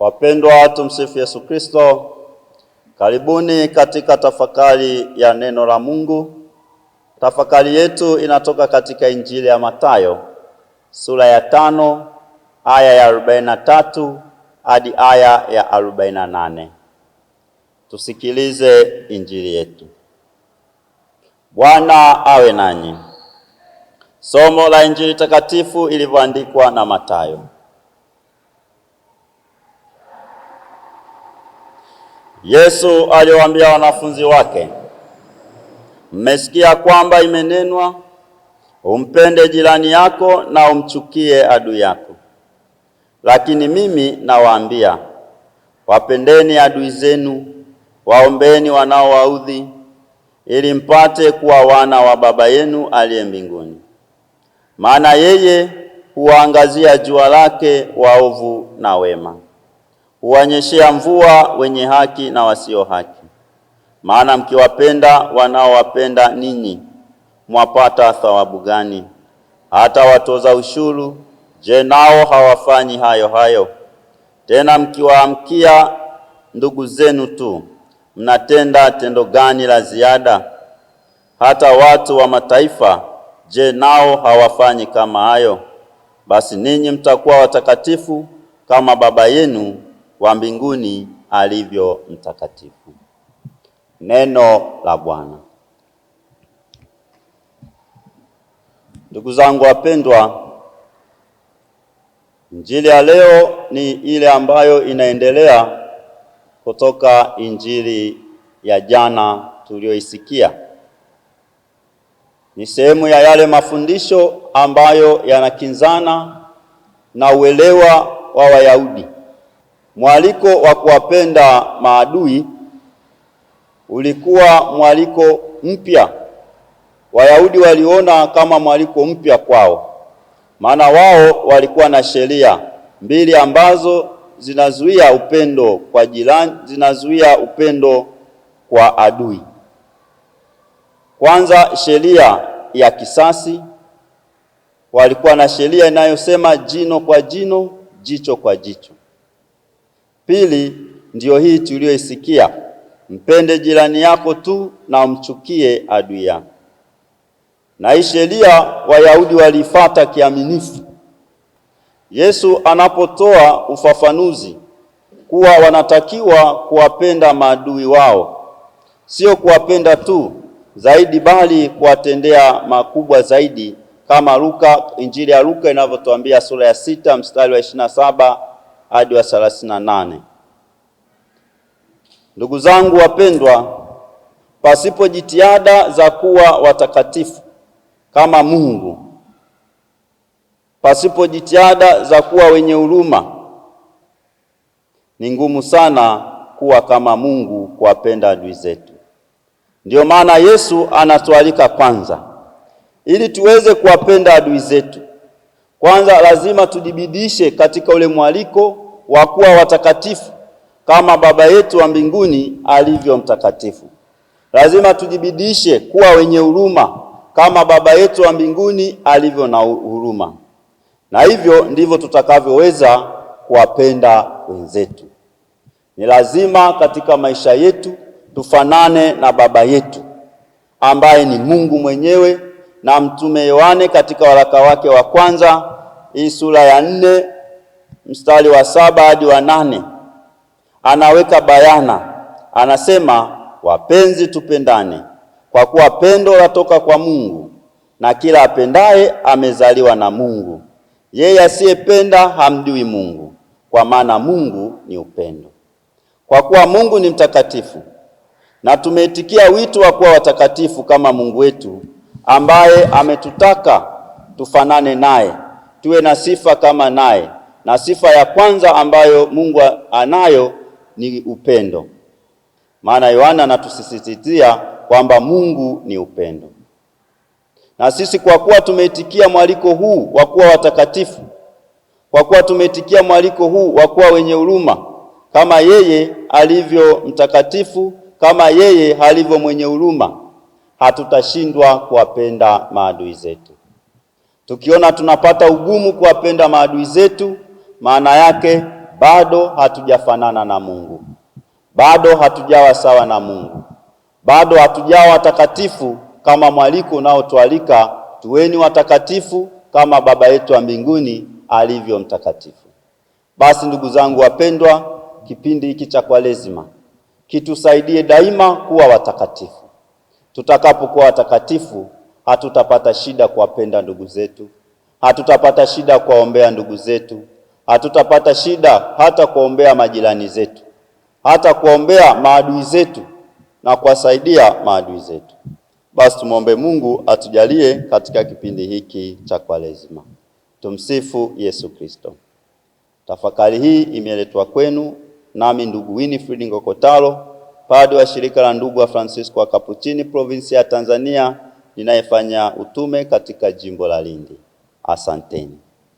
Wapendwa, tumsifu Yesu Kristo. Karibuni katika tafakari ya neno la Mungu. Tafakari yetu inatoka katika Injili ya Mathayo sura ya tano aya ya arobaini na tatu hadi aya ya arobaini na nane. Tusikilize Injili yetu. Bwana awe nanyi. Somo la Injili takatifu ilivyoandikwa na Mathayo. Yesu aliwaambia wanafunzi wake, mmesikia kwamba imenenwa, umpende jirani yako na umchukie adui yako. Lakini mimi nawaambia, wapendeni adui zenu, waombeeni wanaowaudhi, ili mpate kuwa wana wa Baba yenu aliye mbinguni, maana yeye huwaangazia jua lake waovu na wema huwanyeshea mvua wenye haki na wasio haki. Maana mkiwapenda wanaowapenda ninyi mwapata thawabu gani? Hata watoza ushuru, je, nao hawafanyi hayo hayo? Tena mkiwaamkia ndugu zenu tu mnatenda tendo gani la ziada? Hata watu wa mataifa, je, nao hawafanyi kama hayo? Basi ninyi mtakuwa watakatifu kama Baba yenu wa mbinguni alivyo mtakatifu. Neno la Bwana. Ndugu zangu wapendwa, Injili ya leo ni ile ambayo inaendelea kutoka Injili ya jana tuliyoisikia. Ni sehemu ya yale mafundisho ambayo yanakinzana na uelewa wa Wayahudi Mwaliko wa kuwapenda maadui ulikuwa mwaliko mpya. Wayahudi waliona kama mwaliko mpya kwao, maana wao walikuwa na sheria mbili ambazo zinazuia upendo kwa jirani, zinazuia upendo kwa adui. Kwanza, sheria ya kisasi. Walikuwa na sheria inayosema jino kwa jino, jicho kwa jicho. Pili, ndiyo hii tuliyoisikia, mpende jirani yako tu na umchukie adui yako. Na hii sheria Wayahudi waliifata kiaminifu. Yesu anapotoa ufafanuzi kuwa wanatakiwa kuwapenda maadui wao, sio kuwapenda tu zaidi, bali kuwatendea makubwa zaidi, kama Luka, Injili ya Luka inavyotuambia sura ya sita mstari wa ishirini na saba hadi wa 38. Ndugu zangu wapendwa, pasipo jitihada za kuwa watakatifu kama Mungu, pasipo jitihada za kuwa wenye huruma, ni ngumu sana kuwa kama Mungu, kuwapenda adui zetu. Ndiyo maana Yesu anatualika kwanza, ili tuweze kuwapenda adui zetu, kwanza lazima tujibidishe katika ule mwaliko wa kuwa watakatifu kama Baba yetu wa mbinguni alivyo mtakatifu. Lazima tujibidishe kuwa wenye huruma kama Baba yetu wa mbinguni alivyo na huruma, na hivyo ndivyo tutakavyoweza kuwapenda wenzetu. Ni lazima katika maisha yetu tufanane na Baba yetu ambaye ni Mungu mwenyewe, na Mtume Yohane katika waraka wake wa kwanza hii sura ya nne mstari wa saba hadi wa nane anaweka bayana, anasema wapenzi, tupendane kwa kuwa pendo latoka kwa Mungu, na kila apendaye amezaliwa na Mungu. Yeye asiyependa hamjui Mungu, kwa maana Mungu ni upendo. Kwa kuwa Mungu ni mtakatifu, na tumeitikia wito wa kuwa watakatifu kama Mungu wetu ambaye ametutaka tufanane naye, tuwe na sifa kama naye na sifa ya kwanza ambayo Mungu anayo ni upendo, maana Yohana anatusisitizia kwamba Mungu ni upendo. Na sisi kwa kuwa tumeitikia mwaliko huu wa kuwa watakatifu, kwa kuwa tumeitikia mwaliko huu wa kuwa wenye huruma, kama yeye alivyo mtakatifu, kama yeye alivyo mwenye huruma, hatutashindwa kuwapenda maadui zetu. Tukiona tunapata ugumu kuwapenda maadui zetu maana yake bado hatujafanana na Mungu, bado hatujawa sawa na Mungu, bado hatujawa watakatifu kama mwaliko unaotualika tuweni watakatifu kama Baba yetu wa mbinguni alivyo mtakatifu. Basi ndugu zangu wapendwa, kipindi hiki cha Kwaresima kitusaidie daima kuwa watakatifu. Tutakapokuwa watakatifu, hatutapata shida kuwapenda ndugu zetu, hatutapata shida kuwaombea ndugu zetu hatutapata shida hata kuombea majirani zetu, hata kuombea maadui zetu na kuwasaidia maadui zetu. Basi tumwombe Mungu atujalie katika kipindi hiki cha Kwaresima. Tumsifu Yesu Kristo. Tafakari hii imeletwa kwenu nami ndugu Winifred Ngokotalo, padre wa shirika la ndugu wa Francisco wa Kapuchini, provinsi ya Tanzania, ninayefanya utume katika jimbo la Lindi. Asanteni.